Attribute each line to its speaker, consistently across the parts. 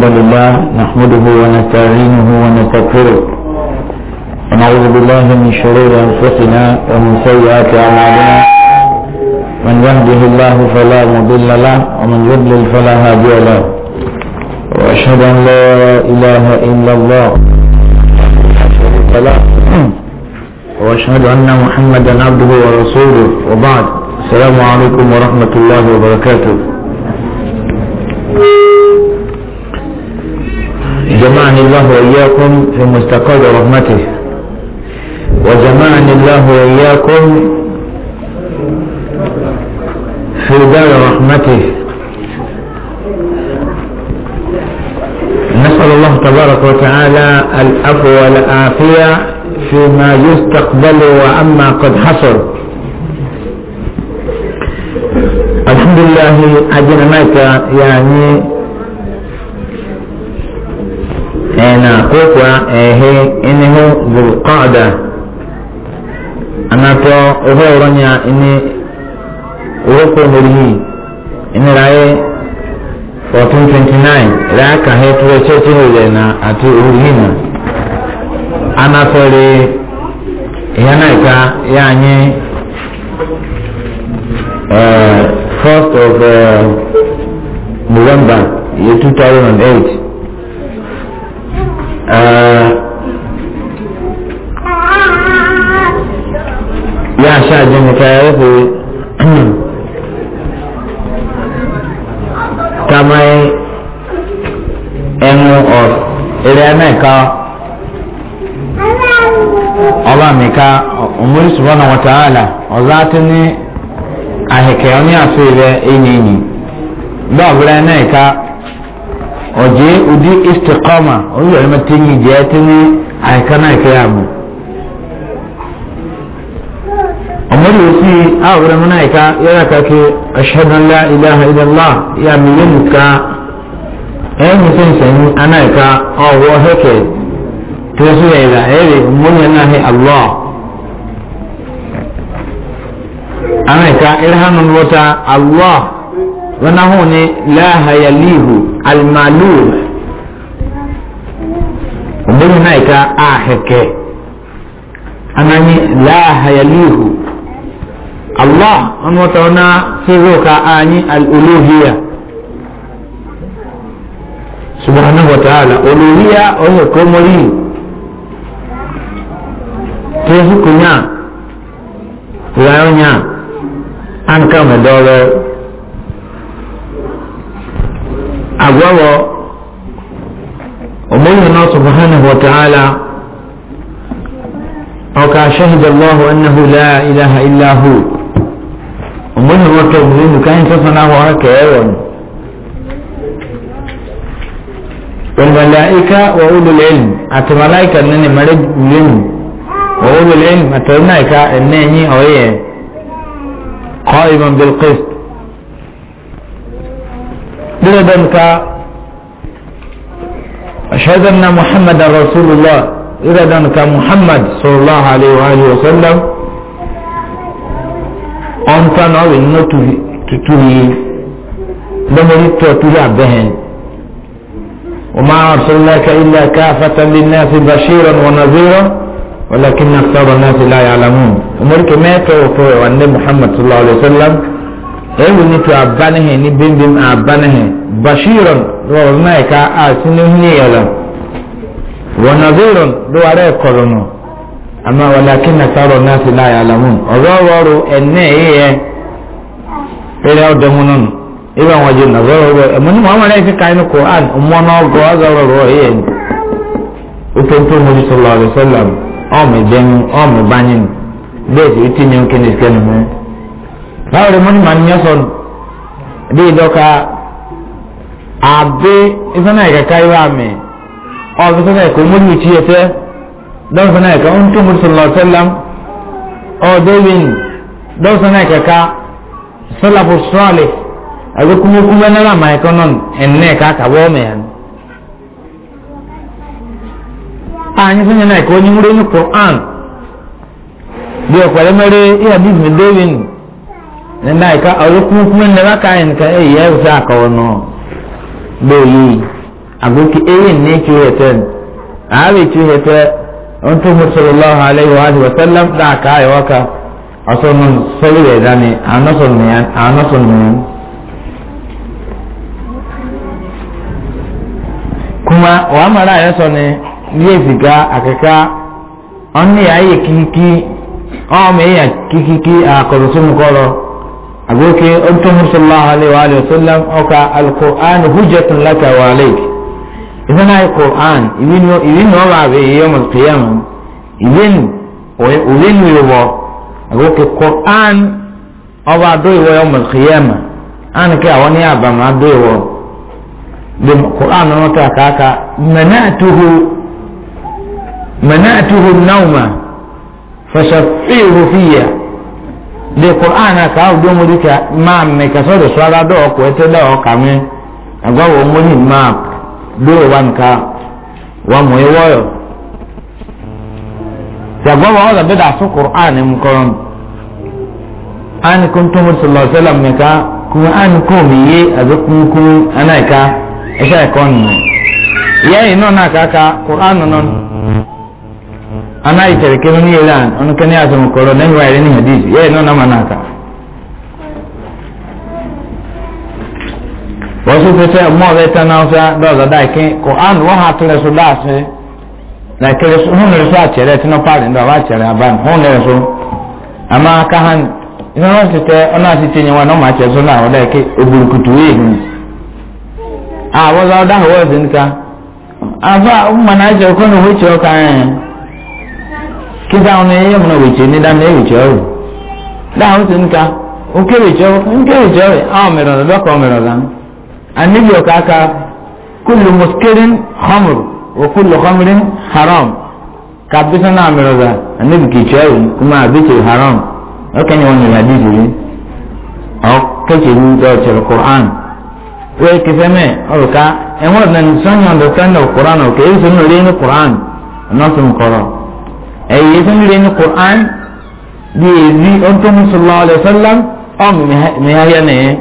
Speaker 1: الحمد لله نحمده ونستعينه ونستغفره ونعوذ بالله من شرور انفسنا ومن سيئات اعمالنا من يهده الله فلا مضل له ومن يضلل فلا هادي له واشهد ان لا اله الا الله واشهد ان محمدا عبده ورسوله وبعد السلام عليكم ورحمه الله وبركاته
Speaker 2: جمعني الله
Speaker 1: وإياكم في مستقر رحمته وجمعني الله وإياكم
Speaker 2: في دار رحمته
Speaker 1: نسأل الله تبارك وتعالى العفو والعافية فيما يستقبل وأما قد حصل الحمد لله أجنمك يعني na kokwa ehe inihu zulqada anato ohe oronya ini uroko murihi ini raye 1429 raya ka he tuwe cheche hile na ati urihina anatore yana ika ya anyi uh, e, first of uh, November 2008 ya sha jin wuta ya rufe kamar ẹnu ẹrẹ mẹka ọba mẹka ọmọdé sùpọnà wọtàhálà ọzọ àti ní ahẹkẹ ọ ní àfẹ rẹ ẹyìn ẹyìn bẹẹ ọbụla na oje udi istiqama oyi ọ̀rẹ́ mẹ́ta ní ìjẹ́ ẹ́ tẹ́lẹ̀ àìkánná ìkẹ́ àbò ọmọdé ó sì àwòrán mọ́nà ìka yára kàkí aṣẹ́dánlá ìdáhà ìdánlá ya mìíràn nìka ẹ̀yìn sẹ́nsẹ̀ni aná ìka ọ̀wọ́ hẹ́kẹ̀ tí ó sì yẹ ìlà ẹ̀rẹ̀ mọ́nyẹ náà hẹ́ àlọ́ aná wana huu ni la hayalihu almalul umbeni naika aheke anani la hayalihu allah anwataona sizoka anyi aluluhiya subhanahu wataala uluhiya oyo komoli tesukunya wayonya ankame dolo agwawo omuli ono subhanahu wataala oka shahida allahu annahu la ilaha illa hu omuli ono tobulindu kain sasanaho akeewon والملائكة وأولو العلم أتى ملائكة أنني مرد علم وأولو العلم أتى ملائكة أنني أويه قائما بالقسط بردن کا اشهد ان محمد رسول الله بردن کا محمد صلى الله عليه وآله وسلم انت نو انو تتوهي لمن تتوهي بهن وما ارسلناك الا كافة للناس بشيرا ونذيرا ولكن اكثر الناس لا يعلمون امرك ماتوا وان محمد صلى الله عليه وسلم ewu ni to ni bimbim abanahe bashiron wa na a asinu ni yalan wa nadhirun do are korono amma walakin akthara nas la ya'lamun awawaro enne ye ere odemunun iba waje nadhoro emun muhammad ay ka ni qur'an umma no go azaro ro ye upentu muhammad sallallahu alaihi wasallam o me jenu o me banin bezi itinyo kenis kenu báwo ni mo ní màá ní ọsọ nù bí ìdọ́ka àbí ìsọ́nà ìkàkà ìwà àmì ọ̀bí sọ́nà ìkọ̀ mo ní ìtì ẹ̀tẹ́ dọ́wọ́ sọ́nà ìkà ń tó mo sọ̀rọ̀ sẹ́lẹ̀m ọ̀dọ́ wìn dọ́wọ́ sọ́nà ìkàkà sọ́làbù sọ́ọ̀lì àbí kúmẹ́kúmẹ́ náírà màá ẹ̀kọ́ náà ẹ̀nà ẹ̀ka àkàwọ́ mẹ́yà ni. àyìn sọ́nà ìkà onímúrẹ́ ní kùrán nda ka ɔlɔ kunkun na ba ka yin ka e eh, yɛ wusa ka wɔnɔ lóye eh, agoke eye ne tso yɛ tɛ aabe tso yɛ tɛ ɔntu musalɔlɔhu alayhi wa alayhi wa sallam daa ka ayɛ waka ɔsɔnu sɔli yɛ dani anɔsɔnu yɛn anɔsɔnu yɛn kuma wàá mara yɛ sɔni yɛ sika akeka ɔni yɛ ayɛ kikiki ɔmɛ yɛ kikiki akɔlɔsɔnu kɔlɔ. أبوك أنتم صلى الله عليه وآله وسلم أوكا القرآن حجة لك وعليك إذا ناي القرآن إبن إبن ما في يوم القيامة إبن وإبن يبغى أبوك القرآن أبغى دوي يوم القيامة أنا كي أوني أبغى ما دوي هو القرآن ما تأكاكا منعته منعته النوم فشفيه فيه de qur'an ka aw do mori ka ma me ka so do swara do ko ete do ka me agwa wo mori ma do wan ka wa mo e wo ya gwa wa da da so qur'an mu koron an kuntum sallallahu alaihi wasallam me ka qur'an ko mi ye azakun ku anai e ka esa e kon ya ino e na ka ka qur'an non ana iterekeno ni iran ono kene asemo na nani wa ireni hadisi ye no na wasu fese mo ve tanausa doza dai ko an wa hatle so dase na kele so hono so achere tino pale aban hono so ama ha han ina no ona sete nyi na wa dai ke oburukutu ye a wa za na kíkà ọ̀nà ẹ̀yẹ́ mọ̀nà wèjì ní dáná ẹ̀wèjì ọ̀rọ̀ dáhùn sí nìka òkè wèjì ọ̀rọ̀ òkè wèjì ọ̀rọ̀ àwọn mìíràn lọ bẹ́ẹ̀ kọ́ mìíràn lánà àníbi ọ̀ka aka kúlù mùsùkìrín xọ́mùr òkúlù xọ́mùrín haram kàbísà náà mìíràn lọ àníbi kìjì ọ̀rọ̀ kúmọ̀ àbíkì haram ọ̀kẹ́ ni wọ́n yẹn adé jìrì ọ̀ kẹ́kẹ́ ní ọ̀kyẹ̀rẹ̀ kùrán wọ́n kẹfẹ́ mẹ́ ọ̀rùka ẹ̀wọ̀n ọ̀dùnà ní sọ́nyà ọ̀dùnà ní kùrán ọ̀kẹ́ èyí sọ́nyà ọ̀dùnà ní kùrán ọ̀nà ẹ̀yẹ tó ń lé ní quran bí èyí ó tó mú sọlá ọlẹ sọlá ọmọ mìíràn nìyẹn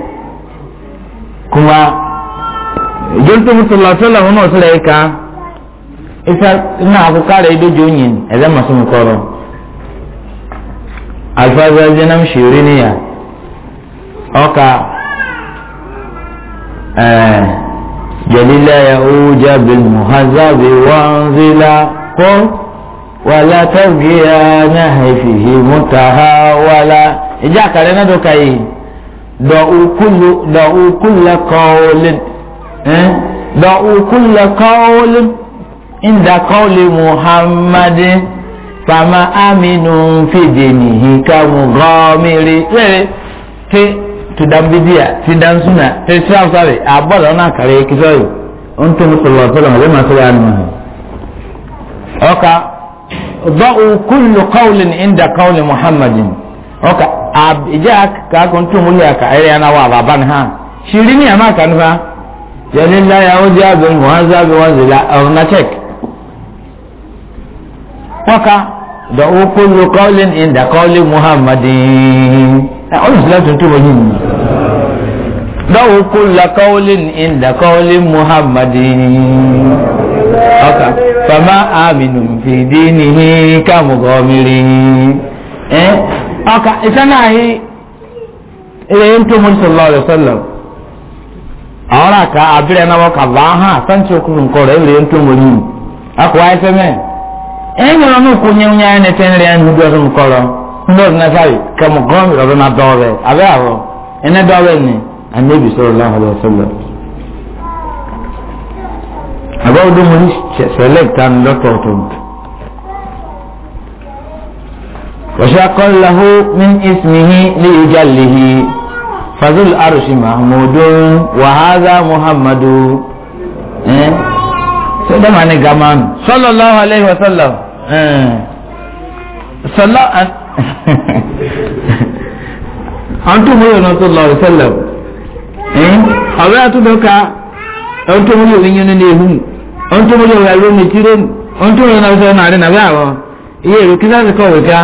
Speaker 1: kuma ìjọba tó mú sọlá sọlá wọn náà sọlá yìí ká isa ina akụkọ ara edoji onye eze masị nkọrọ alfaza eze na mshiri ni ya ọka jalila ya uja bil muhazabi wanzila ko wala tabgiya na haifihi mutaha wala ija kare na doka yi da ukulu da ukulla qawlin eh da ukulla qawlin inda qawli muhammadin fama aminu fi dinihi ka mughamiri wele ti tudambidia ti dansuna ti sira sabe abola na kare kisoyi onto musallallahu alaihi wasallam le masala alma oka ضعوا كل قول عند قول محمد ọkà àbíjà kàákan tó múlò àkà ẹrẹ ẹna wà bàbá ni hàn ṣìrí ní àmà kan fa yẹni láyà ó jẹ àbẹ wọn zábẹ wọn zèlà ọrùn náà check. wọ́ka dọ̀wọ́ kúlù kọ́lìn ìndà kọ́lì muhammadin olùsílẹ̀ tuntun wọ́n yìí dọ̀wọ́ kúlù kọ́lìn ìndà kọ́lì muhammadin ọkà fama aminu fìdí nìyí kàmùgọ́ mìíràn ọkà ìsáná yìí ilẹ̀ yìí tó mú sọlọ rẹ sọlọ àwọn àka abirẹ náà wọ́n kà bá hàn sáńtì okùnrin kọ rẹ ilẹ̀ yìí tó mú yìí akọ ayẹsẹ mẹ ẹ̀yìn ọ̀nà náà kò nyẹ́ nyẹ́ ẹni tẹ́ ń rẹ̀ ẹni dúró ọdún kọlọ ndé ọdún náà sáyé kàmùgọ́ mìíràn ọdún náà dọ́ọ̀rẹ́ abẹ́ àwọ̀ ẹni dọ́ọ̀rẹ́ ni àníbi sọlọ lọ́wọ́ sọlọ about the money select and lot of it وشاق له من اسمه ليجله فذو العرش محمود وهذا محمد سيدا معنى كمان صلى الله عليه وسلم صلى أنتم هو صلى الله عليه وسلم أولا تدوكا ọ̀n tó múlò wíyẹn ní na mu ọ̀n tó múlò wíyẹn ló mẹtíró mu ọ̀n tó múlò náà sọ̀rọ̀ náà rí nàbẹ́ àwọ̀ iye èrò kíkà sí kọ̀ wíkà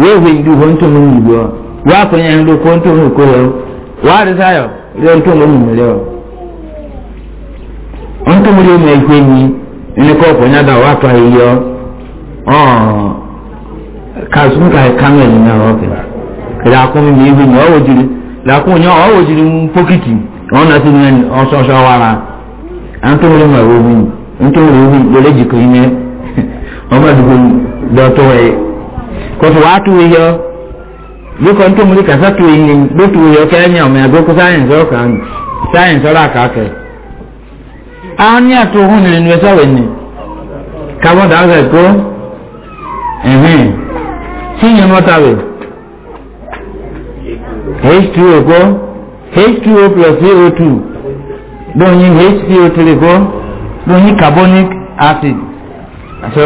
Speaker 1: wọ́n èwe ìlú wọn tó múlò ìlú ọ wọ́n akọ̀yẹ́ ń lóko ọ̀n tó múlò kó lọ wọ́n á rí sáyọ̀ rí ọ̀n ọ. ọ̀n tó múlò mẹ́ ìgbé ni ẹni kọ́ ọ̀pọ̀ nyádà wọ́n apá iye ọ kàṣùnkà kámẹ́lì náà ọ̀kẹ́ antoni ma omi ntoni omi lórí jìkọ iná ọmọ àdúgbò dọ̀tọ̀ to kọ̀tù wàá tu yọ bíkọ ntoni lórí kàtà tu yìí ló tu yọ kẹ́nyà ọmọ ẹ̀gbọ́n kó sáyẹ̀nsì ọ̀kà sáyẹ̀nsì ọ̀rọ̀ àkàkẹ́. àwọn carbon dioxide h2o kó h2o plus co2 lóyìn hpo3 kó lóyìn carbonic acid so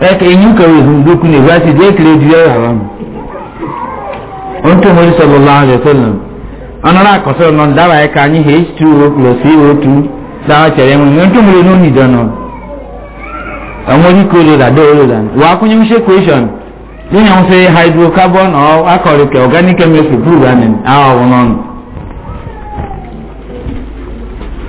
Speaker 1: ẹkẹ eyín kẹwé ìhùndókù ní ìwé acid ẹkẹlẹ ju ẹyà rẹ ohun tó mọ ìṣọ lọlọ àwọn ẹsẹ lọ ọnàrà àkọsọ ọ̀nà dára ẹka ní h2o plus co2 dára tẹ̀lé wọn ohun tó mọ ìṣọ ní ìdáná ọmọ orí kò lè rà dé orí rà wàá ṣe question àwọn ṣe hydrocarbon or organic chemistry prove that àwọn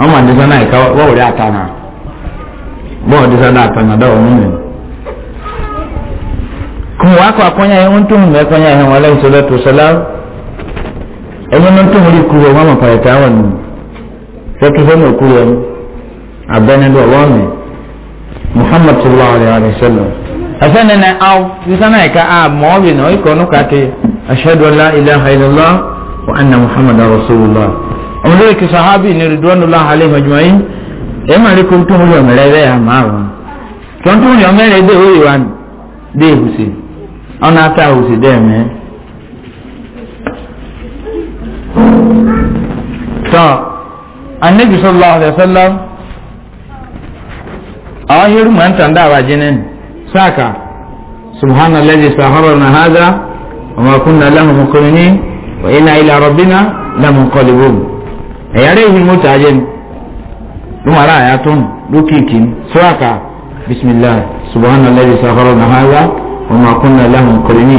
Speaker 1: ọmọ àdìsá náà ìka wọ́n rí ata náà bọ́ọ̀ àdìsá náà ata náà dáwọ̀ mímu kùn wá kọ́ akọ́nyà yẹn wọ́n tó hùn mẹ́kọ́nyà yẹn wọ́n lẹ́yìn sọ́dọ̀ tó sọ́lá ẹ̀yìn náà tó hùn rí kúrò wọ́n mọ̀ pàrẹ̀tà wọn nù fẹ́tù sọ́nà kúrò ẹ̀mú abẹ́nidọ̀ wọ́n mi muhammad sallallahu alayhi wa sallam ẹ̀sẹ̀ nínú aw sísá náà ìka a mọ̀ ọ́ bìnnà ikọ̀ ọ̀nù kàkẹ́ ashadu an la ilaha illallah wa anna muhammad rasulillah ọmọdé kí sahabi ní ridwanu lahale majumayi ẹ máa rí kóńtó múlò mẹrẹ bẹ́ẹ̀ àmà wọn kóńtó múlò mẹrẹ dé oyè wa dé èbùsè ọ̀nà ata òsè dẹ́ mẹ́. tọ́ anabi sallallahu alayhi wa sallam àwọn yẹ́rù máa ń tàn dáwà jẹ́nẹ́ sáàkà subhana lẹ́dí sàhárọ̀ na hádà ọmọkùnrin aláhùn mọ́kùnrin ní wàyí náà ilà rọ̀bìnà lámùkọ́lẹ́wọ̀n ẹ̀yà rẹ̀ yìí mọ́tò ayé ni ló wà láàyà tó ń lókìkì ní sọ́ọ̀kà bisimilah subhana lẹ́bi sàkọ́rọ̀ náà hàzà ọmọ akúnna lẹ́hùn kọ́lẹ́nì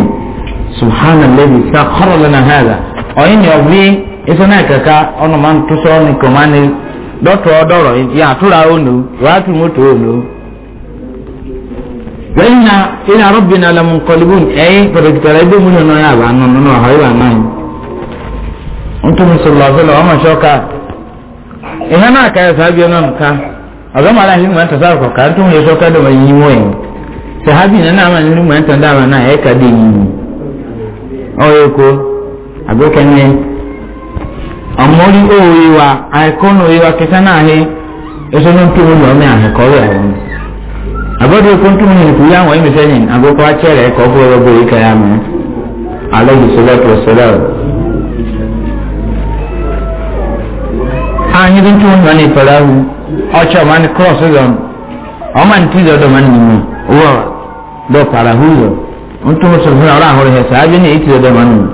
Speaker 1: subhana lẹ́bi sàkọ́rọ̀ lẹ́nà hàzà ọ̀yìn ni ọ̀bí iṣẹ́ náà kẹ̀kẹ́ ọ̀nà máa ń tó sọ́ ní kọ̀mánì dọ́tọ̀ ọ̀dọ́rọ̀ yàtúrà ònú wàátù mọ́tò ònú. lẹ́yìn náà ilé arọ́bìnrin alamu kọ́lẹ́bùn ẹ̀yìn pẹ̀lú ntumi sọlọ ọsọlọ ọmọ ṣọka ìhẹ́ náà kàyẹ sábì ọ̀nà nǹka ọ̀gọ́mọ̀lá ìlú mẹ́ta sáàkọ̀ ya ntumi yẹ ṣọka dọ̀mọ̀ yìí wọ̀ yìí sàhábì ya náà na nílùú mẹ́ta dáàmà náà ẹ̀ka na yìí ọ̀yẹ́ kó àgbékẹ́ni ọ̀mọ́rí òòyì wa àìkọ́nù òòyì wa kẹta náà hẹ́ ẹsọ ní ntumi ya ní anyi bi ntu wọn ni pẹlú awu ọkye ọmọ ni cross zọn ọmọ ni tizọ dọmọ ni mu wọ dọ para hu zọ ntu wọn sọfún ọrọ ahọrọ hẹ sáà bi ni èyí tizọ dọmọ ni mu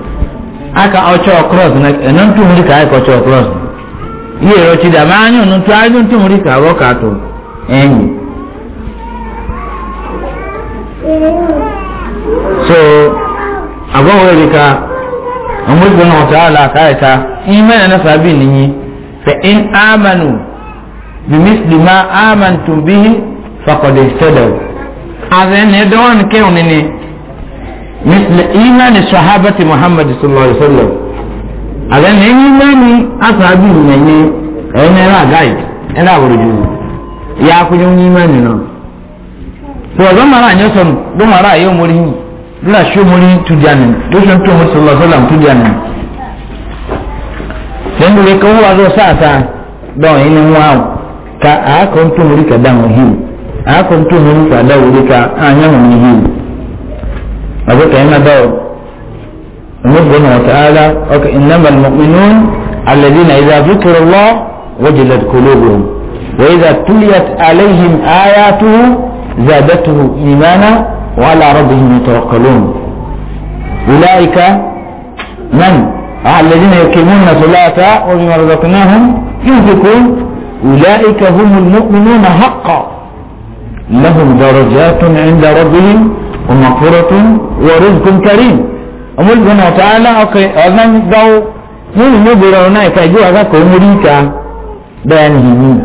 Speaker 1: aka ọkye ọ cross na ẹnu ntu wọn ka ayikọ ọkye ọ cross yíyẹ ẹrọ kyi dà máa nyi ntu ayé ntu wọn ka ọrọ kàtó so agbọ̀wọ̀ yẹ bi ka ọmọ ìgbọ̀n náà ọ̀tá àlà àkáyẹ̀ká ìmẹ́rin فإن آمنوا بمثل ما آمنتم به فقد اهتدوا أذن يدون كونني مثل إيمان صحابة محمد صلى الله عليه وسلم أذن إيماني أصحابي مني أنا لا قايد أنا أرجو يا أخي إيماني نعم فوزن مرا نيوسن دون مرا يوم مريني لا شو مريني تجانن دوشن تومر صلى الله عليه وسلم تجانن lẹ́nu lè kọ́ wúwa lọ sáàsá dán inú wa ka àákọ́ tó mú ríkà dáhùn hìí àákọ́ tó mú ríkà dáhùn ríkà àyàwó ní hìí ọ̀bẹ kẹ́yìn náà dáwọ̀ ọmọdébọ̀nà wọ̀tàálá ọkọ̀ ìnáma mọ̀mínú alẹ́dínà ìdá fíkìrì lọ wọ́jìlẹ̀ kólógbò وإذا تليت عليهم آياته زادته إيمانا وعلى ربهم يتوكلون أولئك من الذين يقيمون الصلاة ومما رزقناهم ينفقون أولئك هم المؤمنون حقا لهم درجات عند ربهم ومغفرة ورزق كريم أمول بنا تعالى أذن دعو من نبرا هناك أجوا ذاك أمريكا بأنهم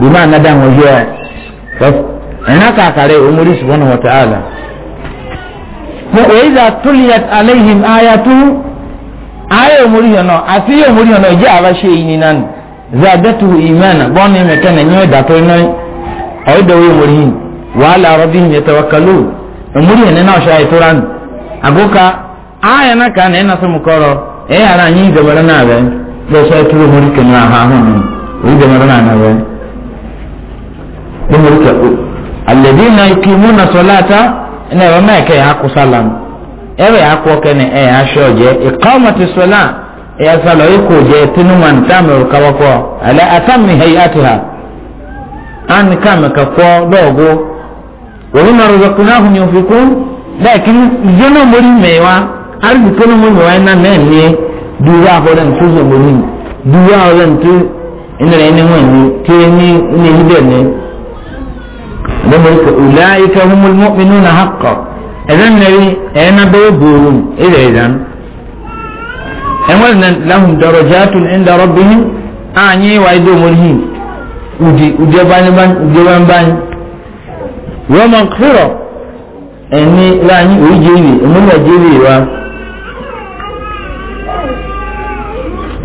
Speaker 1: بما ندم وجوا هناك عليه أمري سبحانه وتعالى وإذا تليت عليهم آياته ayo muri yono ati yo muri yono je abashe yini nan zadatu imana bonni me kana nyoy da to noy ay da yo muri hin wa ala rabbihim yatawakkalu muri ne na shay turan agoka aya na kana ina su mukoro e ara nyi da bara na be da shay turu muri kana ha hun ni da bara na be ni muri ka alladhina salata ina wa haku salam ẹ̀rọ yà kọ́ kẹ́nẹ̀ ẹ̀ yà aṣọ ọ̀jẹ́ ìkọ́mọ̀tì sọ́lá ẹ̀yà sọ̀lọ̀ ikọ̀ jẹ́ tinuman táàmù kawakọ́ àlẹ́ àtàmì hẹ́yì àtìhà án kàmì kakọ́ lọ́ọ̀gọ́ wọ́n mọ̀ rọ̀gbọ̀kùn náà hùn yóò fi kún bẹ́ẹ̀ kí ìjọ náà mórí mẹ́wàá arìbì tó ní mórí mẹ́wàá iná náà ní dúró àhọ́rẹ́ tó sọ mórí dúró àhọ́rẹ́ tó ìnira ẹni ní ẹ ní ní ibi bẹ́ẹ̀ ní. lọ́mọ ɛzan nari ɛna bɛ buurun ɛzɛ ɛzan ɛwɔn na lahum darajatun inda rabbihim a nye wa ido mulhi udi udi bani ban udi ban ban wa maghfira ɛni e laani oyi jeebi ɛmun e wa jeebi wa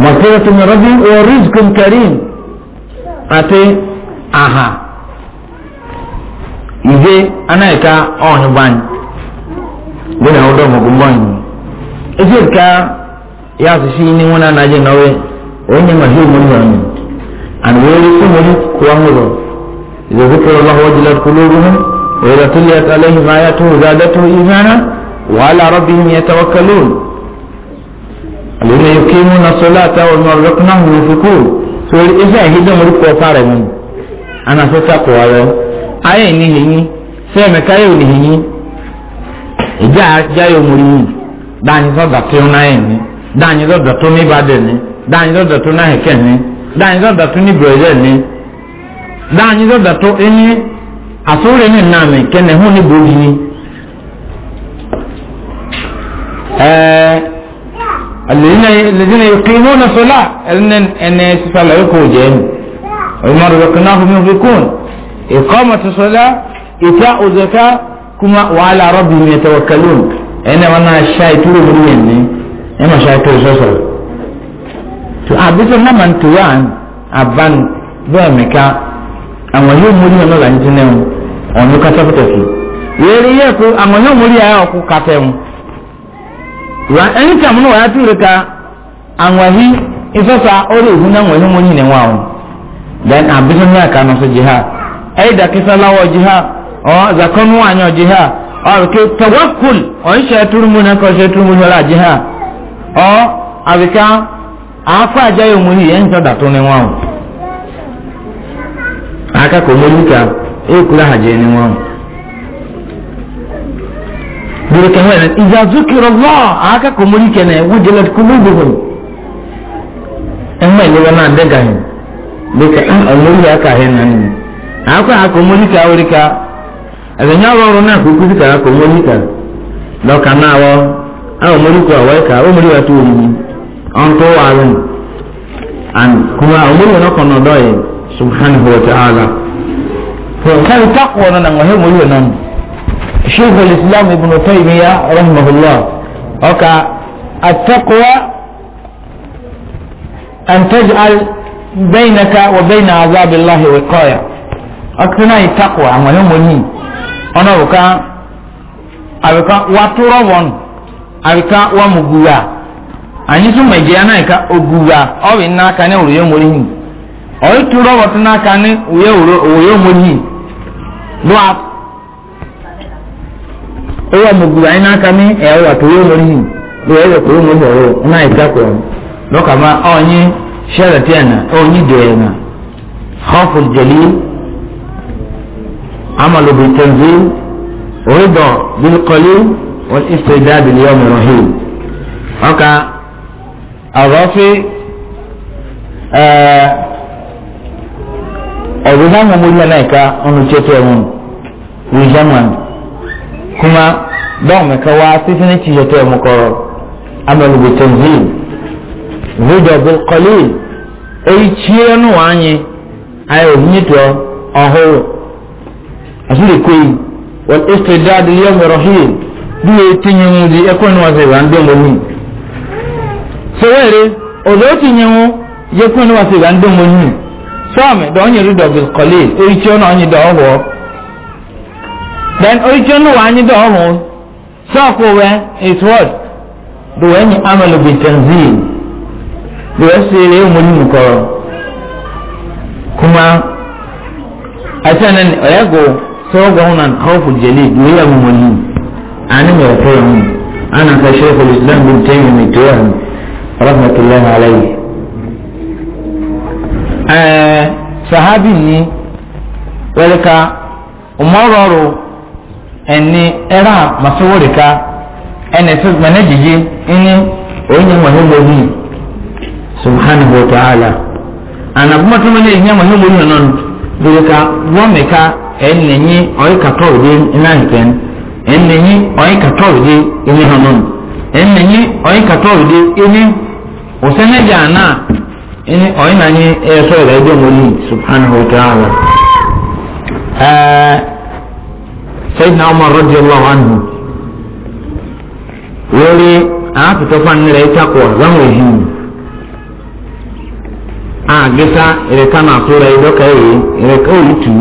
Speaker 1: maghfira tun rabbi wa rizqun karim ate aha ize ana ika ɔnyi bani bena odo mugumbani ezirka ya su shi ni wana na je nawe onye mahi mun wani an wani kuma ni kuwa mudo idza zikra allah wajilat qulubuhum wa idza tuliyat alaihim ayatuhu zadatuhu imana wa ala rabbihim yatawakkalun alladhina yuqimuna as-salata wa mimma razaqnahum yunfiqun so isa hidan mu ko fara mun ana so ta ko ayo ayi ni ni sai me kayo ni ni ìjà àjáyò mòrìyìn dáhìn sọ́dà tó náà ẹ̀ní dáhìn sọ́dà tó ní ìbàdàn ní dáhìn sọ́dà tó náà ẹ̀kẹ́ ní dáhìn sọ́dà tó ní brazil ní dáhìn sọ́dà tó ẹni àsúrẹ́ ní nàmì kẹ́nẹ̀ hún ní bòójì ní. الذين يقيمون الصلاة أن أن الصلاة يكوجين وما رزقناهم ينفقون إقامة الصلاة إيتاء الزكاة kuma wàhálà rọ́bì mi ẹ̀tẹ̀ wọ̀ kẹlóòn ẹ̀yìn náà wọn náà ṣá ìtúrò mi yẹn ní ẹ̀ máa ṣá ìtúrò sọ́sọ̀ tó àbísọ náà máa ń tó wá àbán bẹ́ẹ̀ mẹ́ka àwọn yóò mú ní ọ̀nà làǹtí náà ọ̀nà kátàkùtàkì wẹ́ẹ́rẹ́ yẹ kó àwọn yóò mú ní ayé ọ̀kú kátẹ́ wọn. wà ẹni kàmú ní wàá túrò ká àwọn ahí ìfọ́fà ọ̀rẹ́ ìhun náà wọ́n yóò mú ní ọ zakonu anyo jiha ọ ke tawakkul ọ ishe turmu na ko she turmu wala jiha ọ abika afa ajayo muhi en so da to ne wa aka ko mo ka e kula haje ne wa dire ke wena iza zukira allah aka ko mo ke ne wujilat qulubuhum en mai ne wana daga hin duka an amuri aka hin nan akwa akomori ka aurika ẹ̀sẹ̀nyá ọ̀rọ̀ náà kò kúrú kàrà kò mórí kà lọ́kà náà wọ́ àwọn mórí kò àwọ̀ ẹ̀ka ó mórí wa tó orí mi ọ̀n tó wà rẹ̀ and kùmà àwọn mórí wọn kọ̀ náà dọ́yẹ̀ subhanahu wa ta'ala. kàrí takwa náà nà wọ́n hẹ́ mórí wọn náà sheikh al-islam ibn taymiya rahmahullah ọkà atakwa an taj'al bainaka wa bain azabillahi wiqaya ọkùnrin náà takwa àwọn hẹ́ mórí ọ̀nà òka àbíká wà tóró wọn àbíká wà mú guwa ànyí tún mẹ̀jẹ̀ yẹn náà ká oguwa ọ̀bì n'aka ní òròyé mọ́rí yìí ọ̀yí tóró wọn tún n'aka ní òròyé mọ́rí yìí lọ́wọ́ ewa muguwa ina kami ẹ̀wà tóró mọ́rí yìí lọ́wọ́ ẹ̀wà tóró mọ́rí ọ̀rọ̀ náà ìjákọ̀ lọ́kàmá ọ̀nyi ṣẹlẹ̀ tiẹ̀ náà ọ̀nyi dẹ̀ẹ̀ náà xọ́fù jẹ̀lí عمل بالتنزيل رضا بالقليل والاستعداد ليوم رهيب هكا أضافي أبدا ممولي نايكا أنو تيتوامون ويجمعن كما دومك واسفني تيتوامك عمل بالتنزيل رضا بالقليل أي تيانو عني أي أبنيتو أهو asule koyi wal istidad li yawm rahim duwe tinyewu di ekon wa se wa ndo mo so were odo tinyewu ye kon wa se wa ndo ni so me do onye rido bil qalil e ichi onye do owo then o ichi ona wa anyi do owo so ko we it what do any amal bi tanzil do se re mo ni ko kuma asanan ayago sai ga wannan khawful jalil ne ya mu ni ani mai kai mu ana ka shaykhul islam bin taymiyyah mai tawahan rahmatullah alayhi eh sahabi ni walika umaroro ẹni ẹra masoworika ẹni ẹsẹ mẹnẹ jìjì ẹni onye mahimbo ni subhanahu wa ta'ala anabumatu mẹnẹ ìhìn mahimbo ni nọ lórí ka ɛnenyi ɔyɛ katɔwde nankyɛn ɛnenyi ɔyɛ katɔwde ɛne hanom ɛnenyi ɔyɛ katɔwde ɛne ɔsɛnɛgya ana ɛne ɔyɛ nanyi ɛyɛsɔ ɛdɛ ɛdɛ ɔmɔni subhanahu wa ta'ala ɛɛ eh, sɛyidina ɔmar radiyallahu anhu wɔle aapitɔfa nira ɛtakɔ zanwɔ ehim a ah, gisa ɛrɛ kama ato ra ɛdɔka ɛyɛ ɛrɛ tu.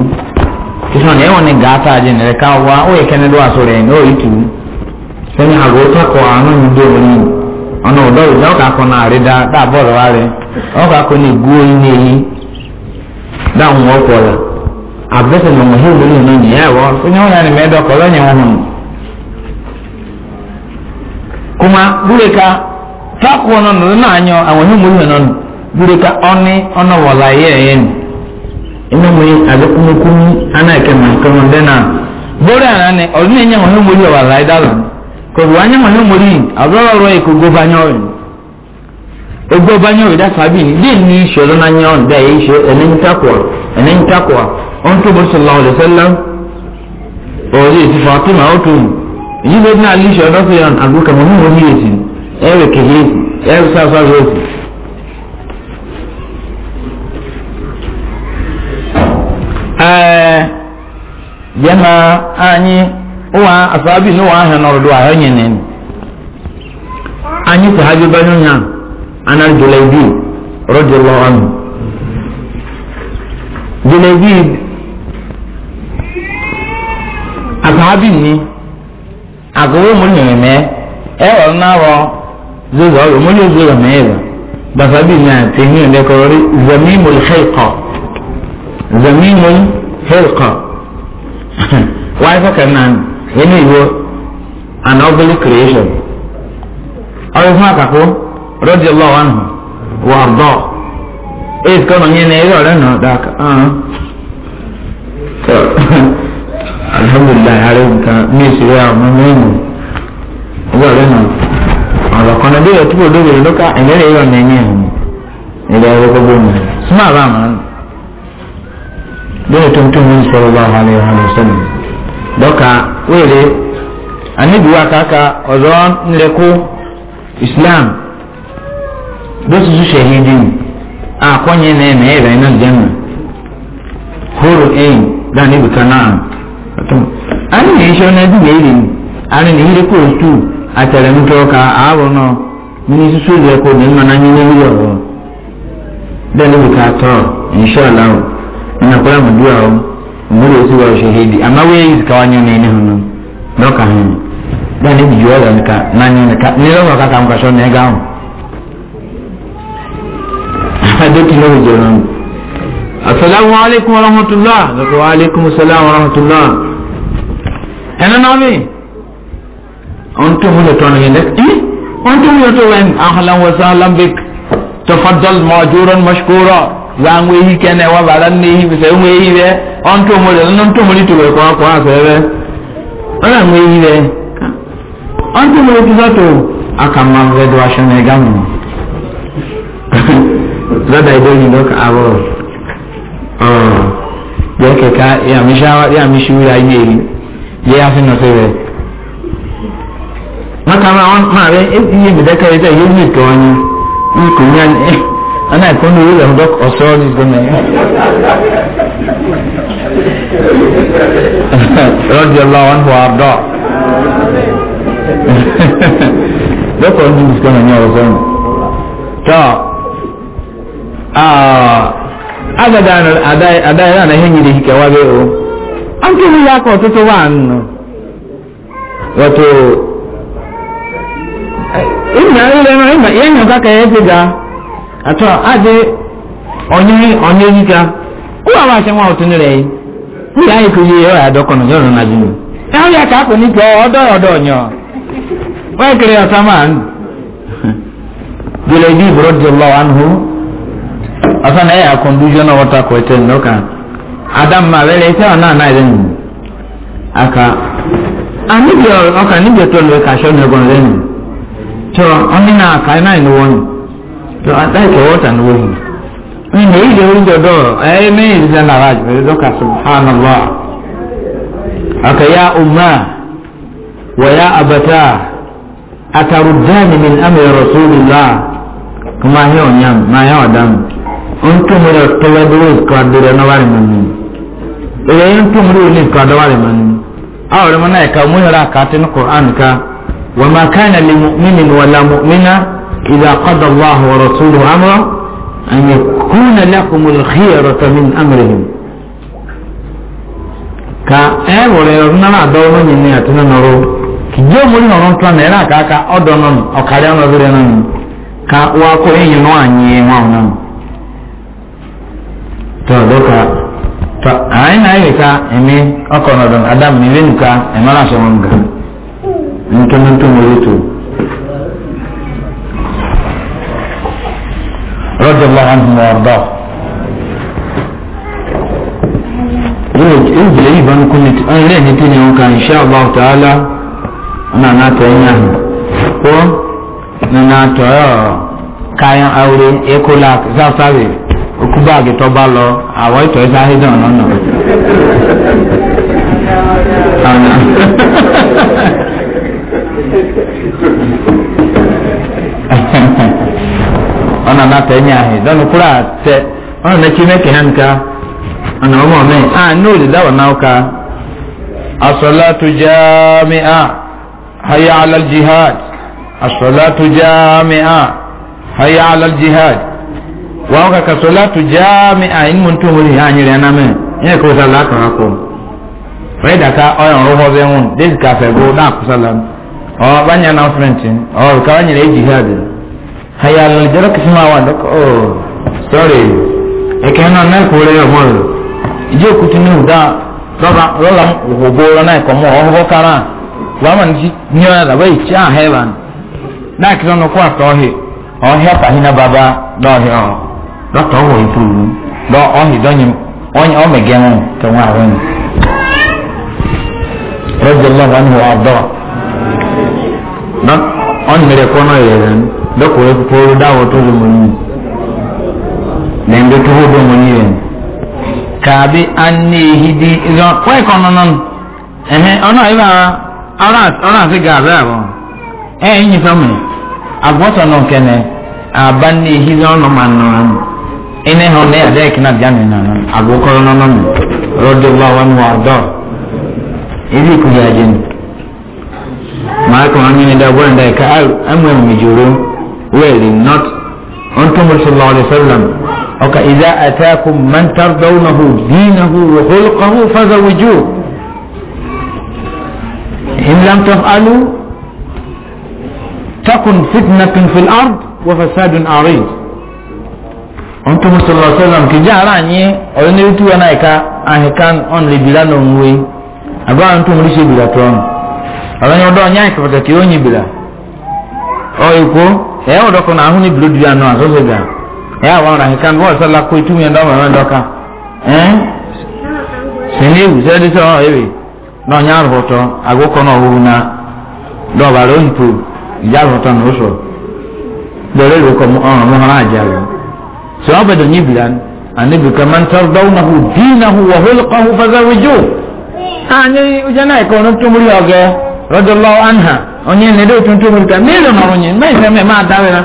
Speaker 1: ìsọ̀nà ẹ̀wọ̀n ní gàátà jẹ́ nìrẹ̀ ká wá ó yẹ kẹ́ni ló àṣọ rẹ̀ ní òyì tù ú sẹ́ni àgọ́ tọkọ àánú ní ọ òní ọ̀nà ọ̀dọ́ ìjà ọ̀kà kan náà rí dá bọ́ọ̀lù wa rẹ̀ ọ̀kà kan ní ìgbó oyin ní èyí dáhùn wọ́n pọ̀ onye ni kuma nọ ina mu abi kuma kuni ana ke man kama dana bore ana ne o ne nya muri wa ko wa nya ho muri azoro ro e ko go banyo e go banyo da sabi ni din ni na nya on da e takwa enen takwa on to bar sallallahu alaihi wasallam o ri ti fatima o yi le na shoro an agu ka mu muri e ti e ke ee ya na anyị ụwa asabi ụwa ahịa nọrọ ahịa onye nene anyị sahabi banyo nya anar julaybi radiyallahu anhu julaybi asahabi ni agụwo mụ nyere mee e wọrọ n'arọ zozo ọrụ mụ zozo ya na tehi ndekọrọ زميم فرقة وايفا كنان هنا هو an ugly creation أو ما كفو رضي الله عنه وأرضاه إذ كانوا ينيروا لنا ذاك آه الحمد لله عليهم كميسي يا ممين ọgbà lẹ́nu ọ̀rọ̀ kan náà bí ẹ̀ tí kò lóde lóka ẹ̀lẹ́rẹ̀ yọ̀ ní ẹ̀yìn ẹ̀yìn ẹ̀dá ẹ̀rọ gbogbo mi súnmọ́ àbá màá lórí tó ń tó ń sọ̀rọ̀ bá wà lẹ́yìn ọ̀hún sọ́nù dọ́ka wéèrè àníbùwà kàkà ọ̀zọ́ ńlẹ́kọ́ islam bó ti tún ṣẹ̀yìn dín àkọ́nyẹ́ náà ẹ̀mẹ́ ẹ̀rẹ́ iná jẹ́nu hóró ẹ̀yìn dáa níbi kan náà àní ní iṣẹ́ ọ̀nà ẹ̀dùn yẹn rìn àní ní ilé kò tù àtẹ̀rẹ̀mítọ́ ka àárọ̀ náà ní sísú ìlẹ̀kọ́ ní mmanányé ní ọ̀rọ̀ bẹ́ẹ̀ níbi ká tọ̀ ìṣọ́ àláwọ̀ nakora mu dua o muri osi wa shahidi ama we yi zikawa nyo ne ne hono doka hin da ne bi yola nka na nyo nka ne ro ka kam ka so ne ga o ado ti lo jo no assalamu alaikum wa rahmatullah wa alaikum assalam wa rahmatullah ana no mi on to mu to ne ne eh on to mu to wen ahlan wa sahlan bik tafaddal majuran mashkura wa nwee ike na ewabara nne ehi bisa enwe ehi re ọntụ omori ọnụ ntụ omori tụrụ ọkụ azụ ebe ọ na nwee ehi ọntụ omori tụzọtụ aka mma na ịga mụ abụ ya keka ya mishi ya mishi ana ẹ̀kọ́ ní orílẹ̀ ọ̀dọ́ ọ̀sọ́ ní gómìnà rọ́dí ọlá wọn fọ àdọ́ lọ́kọ̀ ní gómìnà ní ọ̀rọ̀ sọ́nù tọ́ agada adáyẹ̀rẹ́ àná ẹ̀hẹ́ nyìlẹ̀ ìkẹ́ wá bẹ́ẹ̀ o a ń kí ní yàkọ̀ tuntun wà nù wọ́tò ìmọ̀ ẹ̀rẹ́ ìmọ̀ yẹ́nyọ̀ kákẹ́ ẹ̀ ṣe dáa atọ adị onye onye nika ụwa wa asị nwa otu nere yi ndị anyị kụzi ya ọya adọkọ na nọ na jini ya ya ka akpụ n'ike ọdọ ọdọ ọnyọ wee kere ọta ma ndụ jelebi bụrụ dị ụlọ anụ ọsọ na ya akụ ndị ụjọ na kwete n'ụka ada mma ise ọ na-ana nụ aka anyị ọka nre nụ ọ na-aka so atai ke wata ni wohin ni ne ile wurin da do eh me yin zan na raj me do ka subhanallah aka ya umma wa ya abata ataruddani min amri rasulillah kuma he onyam ma ya wadam on tumure to ya do ko adure na wari man ni ile yin tumure ni ko adure wari man ni awre mana ka mu yara ka tin qur'an ka wa ma kana lil mu'minin wala mu'mina إذا قضى الله ورسوله أمرا أن يكون لكم الخيرة من أمرهم ka ẹ wọlé ọdún náà dọ́wọ́ ní ní àtúnú nọrọ kìjọ́ mórí ọ̀rọ̀ tó náà ẹ̀rọ àkàkà ọ̀dọ̀ náà ọ̀kàrí ọ̀nà ọ̀bẹ̀rẹ̀ náà ka wọ́n akọ ẹ̀yìn náà ànyìn wọn náà. tọ́ dọ́kà tọ́ àyìn náà yẹ ká ẹ̀mí ọkọ̀ ọ̀nà ọ̀dọ̀ adam ní ilé nìka ẹ̀mọ́ náà sọ̀rọ̀ nǹkan nítorí tó mórí tó. رضي الله عنهم وارضاه yóò jẹ́ ìbánu kún ní ọ̀rẹ́ ní tí ni wọ́n ka ìṣe àbá ọ̀tàálá ọ̀nà àtọ̀ ẹ̀yìn àhùn ó nana àtọ̀ kayan aure ecolak zafari okúbáàgì tó bá lọ àwọ̀ ìtọ̀ ẹ̀sà hídàn lọ́nà. na na tɛ nya he dɔn kura tɛ ɔn na kyimɛ kɛ han ka ana ɔmɔ mɛ a n'o de da wa na ka asalatu haya ala jihad asalatu jami'a haya ala jihad wa ka ka salatu jami'a in mun tumu ri hanyi re na mɛ ne ko sala ka ko fa da ka ɔyɔn rohɔ bɛ hun de ka fɛ go na kusala ɔ banya na fɛntin ɔ ka wanyere e jihad haya lọjọrọ kìí máa wà lọkọ ọ sọrí ẹkẹ náà náà kò rẹ ọmọ rẹ ìjọ òkútu ní ìdá lọba lọla ògbó ọrọ náà kọ mọ ọhọ kára wà á mà ní ní ọ̀rẹ́ làbá ìtí àhẹ́ràn náà kìí lọ́nà kó àtọ́ ọ̀hẹ́ ọ̀hẹ́ pàhínà bàbá lọ́ọ̀hẹ́ ọ̀ lọ́tọ̀ ọ̀wọ̀ ìfúru lọ ọ̀hẹ́ dọ́nyìn ọ̀nyẹ ọ̀mẹ̀gẹ́ wọn tẹ̀wọ́n àwọn rẹ̀ rẹ̀ on mere kono yeran da ko ko dawo to muni ne ndo to do muni yen kabi anni hidi zo ko kono non ehe ono iba ara ona se ga ba bo e yin fa mu agboto no kene abanni hizo no man no ene ho ne ade kina jani na no agbo kono non no radiyallahu anhu arda ili kujajeni معكم عمين دا بوان دا كأل أمم مجورون ويلي نوت أنتم صلى الله عليه وسلم أو إذا أتاكم من ترضونه دينه وخلقه فزوجوه إن لم تفعلوا تكن فتنة في الأرض وفساد عريض أنتم صلى الله عليه وسلم كي جاء راني أولي نريتو أنا إكا أهي كان أولي بلانو موي أبا أنتم ريشي بلاتون ọ̀rọ̀ yẹn ọdọ ọnyá ìkọ̀kọ̀ kí ó yin bìlà ọ èkó ẹ̀yà ọ̀dọ́kọ̀ náà ahọ́n ní bìlú dìbò àná àsọ́sọ́ bìlà ẹ̀yà àwọn ọ̀rọ̀ àyíká ní bọ́ọ̀lù sọ́la kó ìtumì ẹ̀dọ́ ọ̀rọ̀ ẹ̀rọ dọ́ka ẹ̀ẹ́n sìnì ìwù sẹ́dí sọ ewì náà ọ̀nyá àrùbọ̀tọ̀ àgókọ̀ náà wọ́wọ́ náà dọ́ọ̀bà rẹ̀ òyìnbó ìjà àrùbọ̀tọ̀ náà ó sọ bẹ̀rẹ̀ ìwé kọ̀ ọ̀rọ̀ mọ́ náà àjà rẹ̀ sọ ọ́ bẹ̀dọ̀ ní bìlà àníbi kan máa ń tọ́ dọ́wọ́nahu dínàhu wọ̀hólùkọ́hu fẹ́fẹ́ wíjú. àní ìjẹ́ náà ìkọ̀ ọ̀nà tó múrí ọ̀gẹ́ radiyallahu anha onye na otu tuntu mu ka melo na onye na ise me ma dawera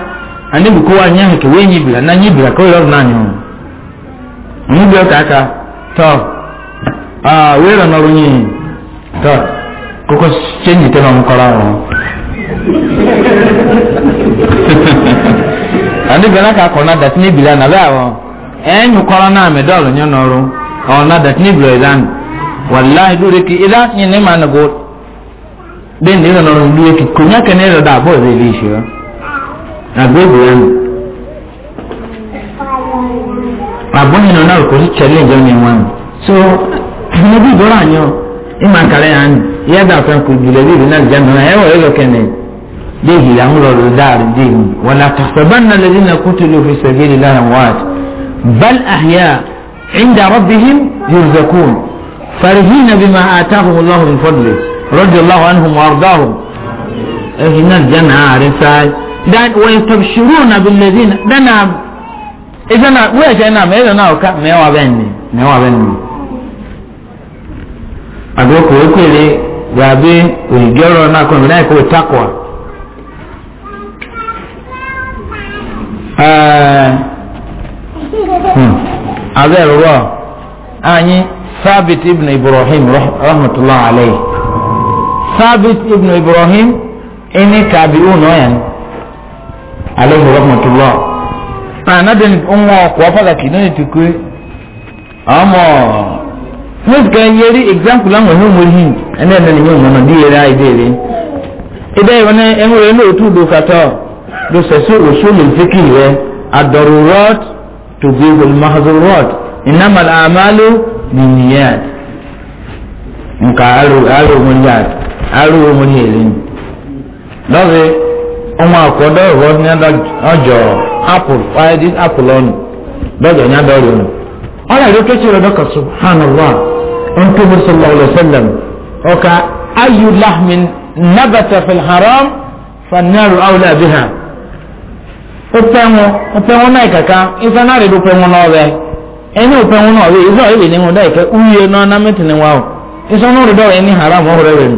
Speaker 1: ande bu ko anya ke we nyibira na nyibira ko yo na nyu mu bi ka ka to aa wee ro na onye koko chenji te na bịara ka akọrọ na dat na e na do na ịma na bẹ́ẹ̀ ni ìrànà ọ̀rọ̀ ìlú èkì kò nyákẹ́ ní ẹ̀rọ̀dà àbọ̀ ìrẹ̀ ilé ìṣẹ́ àgbébù ẹnu àbọ̀yìn náà kò sí tẹ̀lé ìjọ ní wọn so ní bí ìdọ́rọ̀ àyàn ìmọ̀ àkàrẹ́ yà ń yẹ́ dà fẹ́ kò jùlọ bí ìrìnà ìjà náà ẹ̀wọ̀ ẹ̀rọ kẹ́nẹ̀ léyìí àwọn ọ̀rọ̀ dáàrí déyìí wọn la tàṣàbánà lẹ́yìn náà kútu ló fi sẹ́gẹ́rì lára wáàd bal àhíyá ìndà rọ́bìhìm yorùbá kùn fàrihìn nàbí máa àtàkùn lọ́hùn fọ́dùlẹ̀. radiyallahu anhum wa ardahum ehin nan janna are sai dan wa yastabshiruna bil ladina dana idana wa jana me dana ka me wa benni me wa benni agro ko e kwere gabe oigoro e na ko na ko e takwa eh hmm abero anyi ثابت ابن ابراهيم رحمه الله عليه sabit ibn ibrahim ini tabi'un oyan alayhi rahmatullah anadin unwa kwa fada kinoni tukwe amo nika yeri example anwa hiyo mulhi ene ene ni mwana ndiye rai dele ide wane enwe ene otu do kata do sesu usulul fikhi we ad-darurat tuzibu al-mahzurat innamal a'malu binniyat nka alo alo muliyat arúgbó mo ní èlé ní lọ́sẹ̀ ọmọ àkọ́dọ́ ìwọ ní ọjọ́ apple fire this apple ọ̀nù lọ́jọ́ ní adọ́rọ̀ ọ̀nù ọ̀rọ̀ ìlú kẹ́sì rẹ̀ dọ́kà subhanallah ntòmù sallallahu alayhi wa sallam ọ̀ka ayu lahmin nabata fil haram fanaru awla biha ọpẹ́wọ́n ọpẹ́wọ́n náà kàkà ìfẹ́ náà rẹ̀ dọ́pẹ́wọ́n náà rẹ̀ ẹni ọpẹ́wọ́n náà rẹ̀ ìfẹ́ ọ̀rẹ́ ìwé ni wọn dá ìkẹ́ uye náà námẹ́tì ni wọn ọ̀ ìsọ́nù rẹ̀ dọ́wọ́ ẹni haram ọ̀rẹ́ rẹ̀ nù.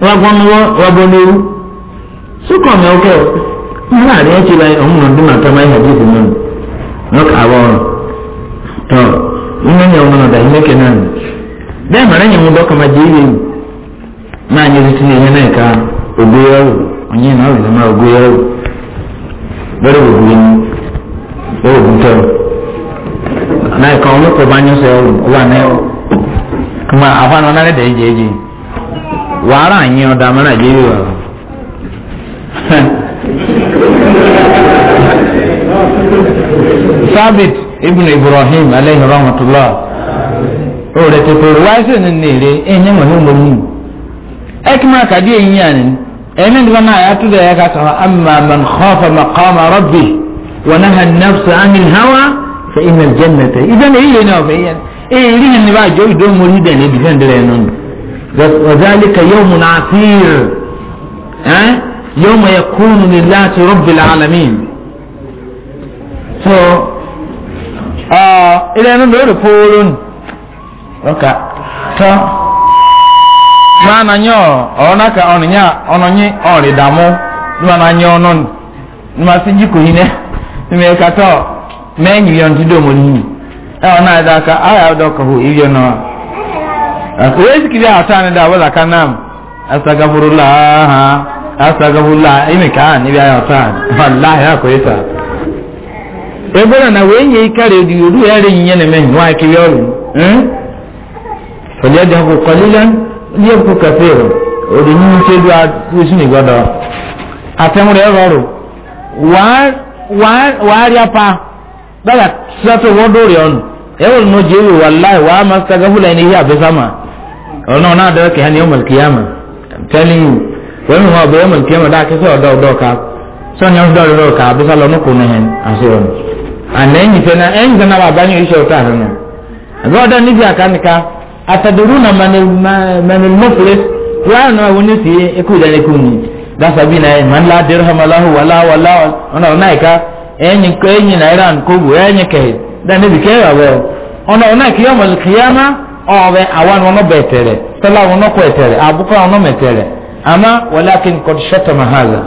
Speaker 1: wagwanuwa wagoneru suka mai oke mana a riyan ce bai umarnar duma ta mai hadisi nan nok awon to ina ne wani da ime ke nan da mara yin wudo kama jiri ma an yi zuci ne yana ka ogoyaru onye na ọrụ zama ogoyaru bẹrẹ ogun ni bẹrẹ ogun tẹ na ẹka ọmọkọ bá nyọ sẹ ọwọ náà kọma àfa náà ọ̀nà rẹ̀ dẹ̀ ẹ́ jẹ́ jẹ́. وارد اینجا دامن اجیو ثابت ابن ابراهيم عليه رحمة الله اور تے پر وائس نے نیرے اینے مہو مہو اکما کدی اینیاں اینے دو نا اتو دے کا کہا اما من خاف مقام ربه ونهى النفس عن الهوى فان الجنه اذا هي نوبيا اي لين نبا جو دو مريد ان يدفند لنون وذلك يوم عسير أه؟ يوم يكون لله رب العالمين so ilẹ̀ inú lórí fóorún ọkà tọ́ máa na nyọ ọ̀rọ̀nà ka ọ̀nìyà ọ̀nìyà ọ̀rì dàmú ní wọn na nyọ ọ̀nà ní wọn sì jí kò yín náà ní wọn tọ́ mẹ́yìn yọ̀ dòmò nìyí ẹ̀ ọ̀nà ẹ̀dá ka ayà ọ̀dọ́ kọ̀ akwai zikiri a ta ne da ba zaka nam astagfirullah astagfirullah ina ka ni bi ayo ta wallahi akwai ta e bora na wenye ikare di yodu yare nyenye ne men wa ki yolu hmm falyadhaku qalilan liyabku kathiran odi ni se du a tu sini godo atemure roro wa wa wa ri apa bala sato wodo ri on e wol no jewi wallahi wa mastagfirullah ni ya besama ọ̀nà ọ̀nà àdọ́rọ̀ kìí ní ọmọ ìkìyàmà telling you wọ́n mú ọ̀bẹ ọmọ ìkìyàmà dáa kẹsẹ̀ ọ̀dọ́ ọ̀dọ́ ká sọ́ni ọ̀dọ́ ọ̀dọ́ ká abúlé lọ́nà kò nìyẹn àṣẹ ọ̀nà àná ẹ̀yìn fẹ́ náà ẹ̀yìn fẹ́ náà bàbá yín oríṣi ọ̀tá rẹ̀ nù àbí ọ̀dọ́ níbi àkànníkà àtàdúró na mẹnìmọ́fúrẹ́ wọ́n náà wọ́n ní sí ekú ìdánilẹ́kù ni dáṣàbí náà mà ń la dèrò hamaláhù wàlá wàlá ọ̀nà ọ̀nà ìka ẹ̀yìn ọ̀bẹ àwọn ọ̀nà bẹ̀ tẹ̀rẹ̀ tọ́lá àwọn ọ̀nà kọ̀ ẹ̀tẹ̀rẹ̀ àbúkọ àwọn ọ̀nà mẹ̀tẹ̀rẹ̀ àmà wàlákin kọ̀ ṣẹ́tọ̀ mahala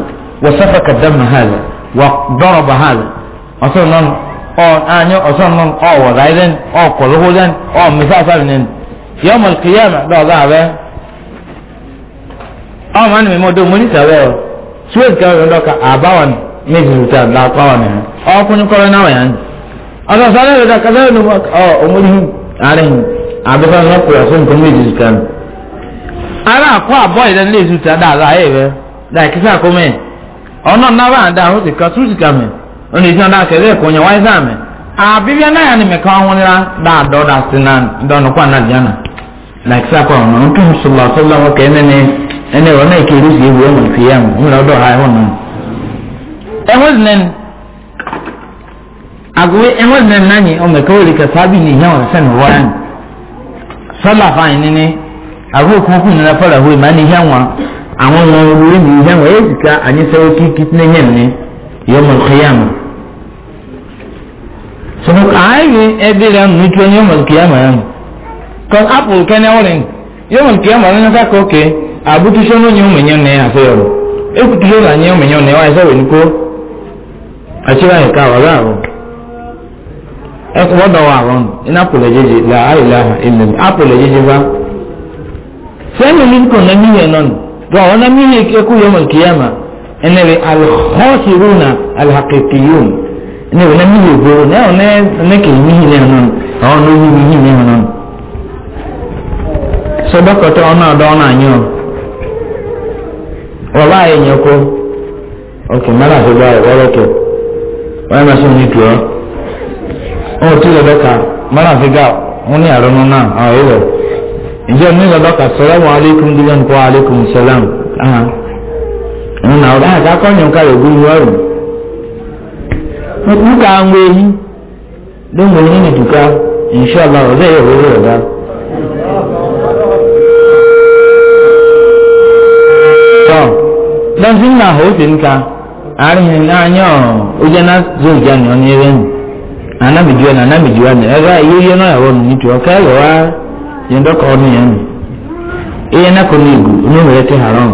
Speaker 1: wà sáfà kàdá mahala wà dọ́rọ̀ mahala ọ̀sán nọ́n ọ̀ ànyẹ ọ̀sán nọ́n ọ̀ wọ̀ ráyẹ́n ọ̀ kọ̀lọ́hóyẹ́n ọ̀ mẹsàfàrìnẹ́n yọmọ kìyàmà dọ̀ọ̀dọ̀ àbẹ́ ọmọ àni mímọ́ dọ́ mọ́lì sàbẹ́ ọ suwèsì kẹwàá dọ́ka àbáwọn méjì sùtà làkọ́wọn ẹ̀ ọkùnrin kọ́rọ́ náà wà yẹn ọ̀sán sọ́lá ìrẹ̀dà kásáré ló wà ọ̀ ọmọdé àárín yìí. àbẹ́fẹ́ náà kúrò àṣọ nǹkan méjì kan. ara àkọ́ àbọ̀ ìdẹ́nu lè zùtà dáadáa ayé rẹ̀ láì kí sáà kọ́mẹ̀ ọ̀nà náírà àdá àwọn ti ka túùsì kà mẹ́ ọ̀nà ìdí náà dáa kẹ́lẹ́ ẹ̀kọ́ yẹn wáyé sáà mẹ́. àbíbíà náà yà ni mẹ́ka wọn nira dáadọ́ dáa sí náà dọ́nù kó àná àdìyànà láì kí sáà kọ́ ọ̀nà ọ̀nà tó ń ewu fi sọ́là fáìn níní àbúrò kúkú nínú afọ́là hó ìmá ní hẹ́ wọn àwọn wọn orí ní hẹ́ wọn èyí ká àní sẹ́wọ́ kí kí ní hẹ́ ní yọ mọ̀ kíyàmù. sọ̀rọ̀ àáyè ẹbí rẹ̀ ń nítorí yọ mọ̀ kíyàmù rẹ̀ mu kọ́n apple kẹ́ni ọ̀rìn yọ mọ̀ kíyàmù rẹ̀ ní kákọ́ kẹ́ àbútúṣe ní yọ mọ̀ yẹn ní àfẹ́yọ̀rọ̀ èkútúṣe ní yọ mọ̀ yẹn ní wáyé sọ̀rọ̀ ní kó àṣírí ẹkùn wọ́dọ̀ wà rọrùn iná pòlẹ̀ jẹjẹ láàrínláà ilẹ̀ àpòlẹ̀ jẹjẹ bá sẹ́yìn lincoln náà nọ yẹn mọ̀ ẹnẹ na ẹnẹ náà gbòòrò náà náà ọ tí lọ dọ́ka mọ́nà fígà wọn ní àrùn náà àwọn èrò ìjọ ní lọ dọ́ka sọlọ́mù aleikum dídá nǹkọ́ aleikum sọlọ́mù ahàn ń nà ọ̀dà àti akọ́nyìn ká lògùn wọ́ọ̀rù nípa àwọn èyí ló ń wọlé nínú ìdùkà ìṣọ́lá ọ̀dà ìyẹ̀wò rẹ̀ ọ̀dà. lọ́sìn náà ó sì ń ka àárín náà yàn ó jẹ́ náà zó ìjà ni ó ní ẹ̀rẹ́ nù anamijuwa na anamijuwa ni ɛfɛ yeye na no ɛwɔ no nitu ɔka yɛ wa yɛn dɔkɔ ɔno yɛn eya nakɔ no egu ɔno wɛrɛ te haram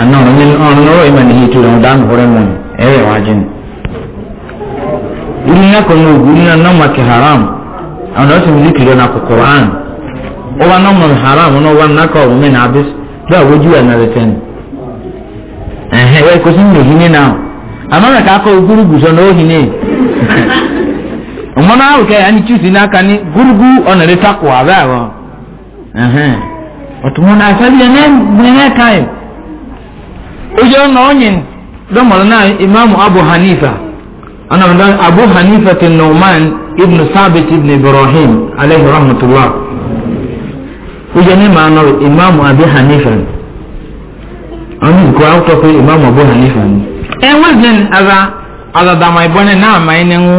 Speaker 1: ana ɔno ne ɔno no ɔyɛ ma ne hitu ɔno dan hore mu ɛyɛ wagye no ɔno nakɔ no egu ɔno na ɔma ke haram ɔno ɔsɛ mu zikiri na kokoro an ɔba na haram ɔno ɔba nakɔ ɔmo mi na abis bɛ a woju ɛna bɛtɛ no ɛhɛ ɛkɔsi mu na ohine na ama na kakɔ oguru gu so na ohine mmọnụ ahụ ka anyị chusi n'aka ni gurugu ọ nọrọ ịta kwa abe otu mụ na-asa bi na-eme ka ya oyi ọnụ onye dọmọrọ na imamu abu hanifa ọnọdụ abu hanifa ti numan ibn sabit ibn ibrahim alayhi rahmatullah oyi ni ma nọrọ imamu abu hanifa ọnụ ikwu akwụkwọ Imam abu hanifa ni enwezin aza azadama ibọ na ama ịnenwu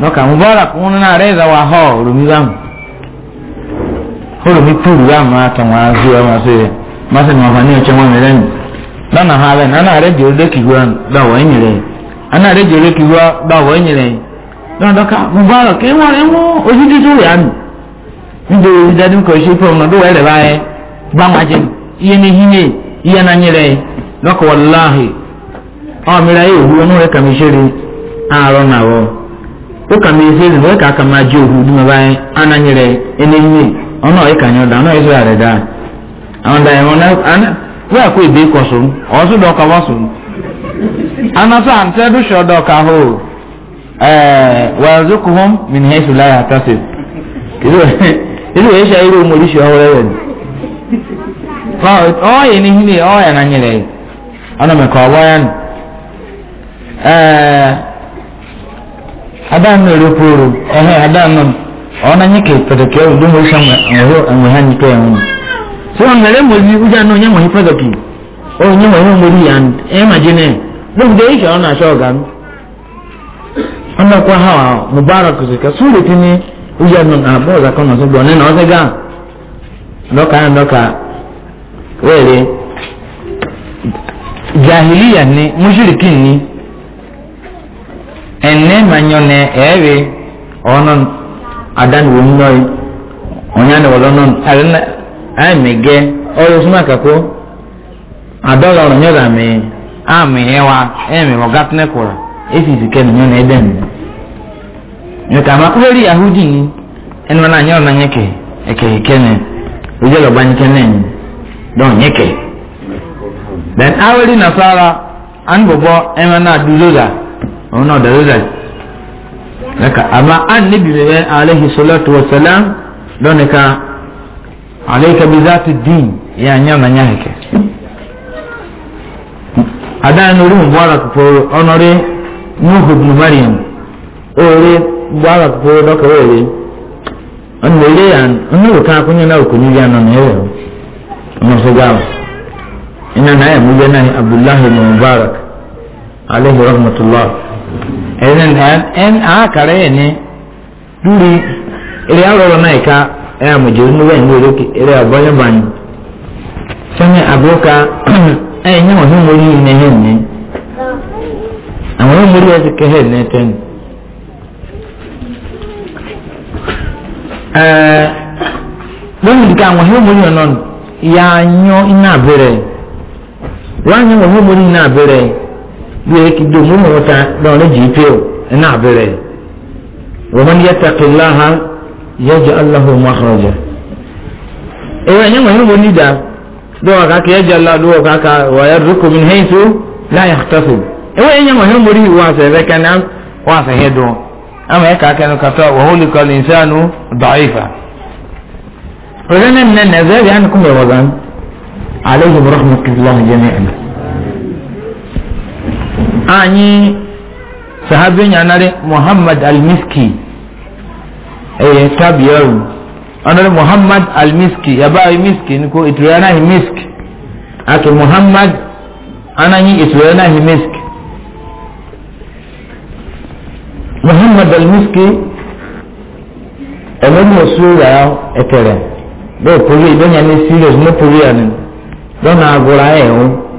Speaker 1: nọkà mubarak wọn náà rẹ ìdáwọ ahọ oromi bámu oromi púùrù bámu àtàwọn azú ẹ máa ṣe máṣe ní ọfà ní ọjọ wọn mẹrẹ nù lọnà ha bẹ nánà rẹ jẹ olékì wá báwọ ẹ nyẹrẹ nánà rẹ jẹ olékì wá báwọ ẹ nyẹrẹ lọnà dọkà mubarak ẹ wọn rẹ mú ojú dídú rẹ àmì níbi ojú dídú kò ṣe fún ọmọ dọwọ báyẹ iye ní hinẹ iye náà nyẹrẹ lọkọ wàláhì ọmọ mi rẹ yóò wú ọmọ rẹ ụka na ezi ezi ka aka ma ji ohu dị anyị ananyere enenye ọnụ ọyị ka anyị ụda ọnụ ọyị zụgharị daa àwọn ọ̀dà ẹ̀wọ̀n náà wíwà kó èdè kọ̀ sùn ọ̀sùn dọ̀kọ̀ wọ́n sùn. anasa àǹtẹ̀dùsọ̀ dọ̀kà hó wàá zokò hóm mìíní hẹ́sù láyà àtàsè ìlú èyí ṣe irú omolisi ọ rẹ̀ ni. ọ̀ọ́yẹ̀ ni hìnnì ọ̀ọ́yẹ̀ náà nyẹ̀rẹ̀ ọ̀nà mẹ́kọ̀ ya yẹn. adan na rufuru ehe adan nan ona nyike pedeke u dumo shamba ngo ngo han nyike yan so ngere mo bi uja no nyamo hipodaki o nyamo ho mo ri yan e ma jine no de isha ona sho ga mi ona kwa hawa mubarak zika sure tini uja no na bo za kono so bo ne no ze ga ndoka ndoka wele jahiliya ni mushrikin ni ene manyo ne ewe onon adan wumnoi onyane wolonon alna amege oyo suma kako adola ono nyoda me ami ewa eme ogatne kura esi zike no nyone eden nyo kama kweli yahudi ni enu na nyo na nyeke eke ikene ujelo bankene don nyeke then aweli nasara an bobo ema na dulola òun náà dàrú rẹ̀ lẹ́ka àmà ànníbi rẹ̀ aláhi sọlọ́tù wọ̀sálà lọ́nìka aláìka bí záàtì dín yà nyà nà nyà hẹ̀kẹ́. adáyé ní orí mu bọ́ àràkùkù ọ̀nọ́rẹ́ nuhu bin mariam oore bọ́ àràkùkù dọ́kà wọlé ọ̀nà ilé yàn ọ̀nà òkà akúnyẹ́ náà òkú níbi àná nà ẹ̀rọ ọ̀nà ọ̀sọ́gbà ina na ya mu yana abdullahi mubarak alaihi rahmatullah ẹ̀rẹ́n ẹ̀n àákàrẹ́ ẹ̀ ní lórí eré àrọ̀rọ̀ náà ẹ̀ka ẹ̀ àmọ̀jẹ̀ oníwẹ̀ ní orókè eré àbọ̀yẹ̀bàní sẹ́ni àbúrúkà ẹ̀ ní wọ́n ní mo rí iná ẹ̀ ní àwọn ọmọ orí ẹ̀sìn kẹ́hẹ́ ní ẹ̀tẹ́ ni. lórí ìdíkà àwọn ọmọ orí ọ̀nà yà á yan iná àbẹ̀rẹ̀ wọ́n á yan ọmọ orí iná àbẹ̀rẹ̀ bíi kí domo mu ta dɔn ne jì í pé o ɛnna abirɛ wɔmɔ ni yɛ takilaha yɛ jɛ alahu maharaja ewa nyɛ wɔn mo ni da dɔw ka kɛ yɛ jɛ ala dɔw ka ka wa yɛ rukku min hɛn so la yɛ taso ewa nyɛ wɔn mo ni waasa yɛ bɛ kɛ na waasa yɛ dɔn ama yɛ kaa kɛ no kata wa holi ka linsanu dɔɔyifa pɛrɛ ne nɛ nɛ zɛ bi an kun bɛ wazan alayhi wa rahmatulahi jami'an anyi sahabi nyanare muhammad almiski eh tabiyaru anare muhammad almiski yaba miski niko itriana himisk ake muhammad ananyi itriana himisk muhammad almiski ẹlẹ́ni ọ̀sùn rà ẹ̀tẹ̀rẹ̀ bẹ́ẹ̀ pòlì ìdọ́nyà ní serious ní pòlì ẹ̀nu lọ́nà àgọ́ra ẹ̀ ọ̀hún.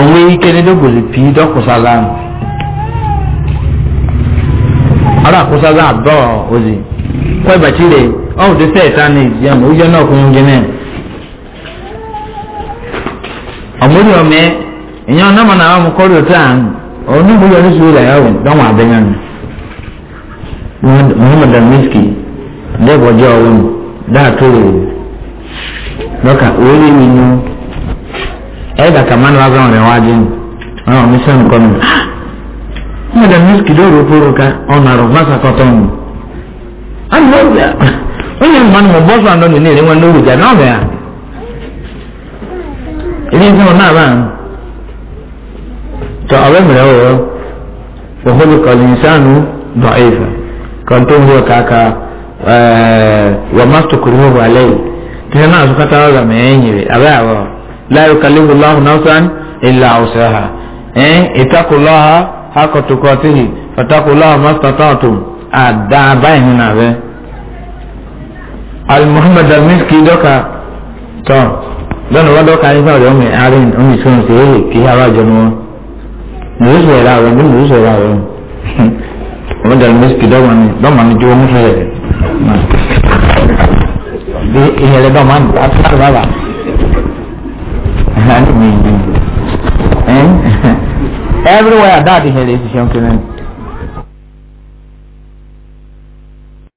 Speaker 1: onwe ike n'edogozi pii dọkwụsala m ọrụ akwụsala abụọ ozi kwebachire ọ bụ tese eta na-ezi ya ma ụjọ náà kwụrụ gị na ọmụrụ ome enye ọna ma na ahụ kọrọ otu ahụ ọnụ mgbe ọrụ si ụlọ ya wụ dọnwa abịanya muhammad al-miski dọka ẹ̀dà kàmánù azọ́n rẹ̀ wájú ni wọn ò ní sẹ́nu kọ́ mi. wọn dà mí kìlọ̀ rò poro ká ọ̀nà rò fásitì kọ́tọ́ mi. àná ọ̀gbìn onye mmanụ mụ bọsụ anọ na-ere nwanne oru ja n'ọbịa ya. ilé ìfẹ́ wọn náà bá ń. tọ ọbẹ̀ mìíràn wọ̀ wọ́n kọ́lé ìsánú dọ̀ ẹ̀fẹ̀ kọ́ńtò ń bọ̀ kàkà wọ́n má tó kúrò wọ́n wà lẹ́yìn. tí wọ́n náà sọ kátà ọ̀rọ̀ mẹ́yìn rẹ̀ abẹ́ لا يكلف الله نفسا إلا وسعها إيه اتقوا الله حق تقاته فاتقوا الله ما استطعتم أدعى بيننا به المحمد المسكي دوكا تو لأنه ودوكا يسمع لأمي أعلن أمي سون سيهي كي هوا جنوه نرسل إلى أولين نرسل إلى أولين محمد المسكي دوكا دوما نجوه مشهر ìhẹ̀rẹ̀ bá máa ń gbà sáà bàbà everywhere that the que is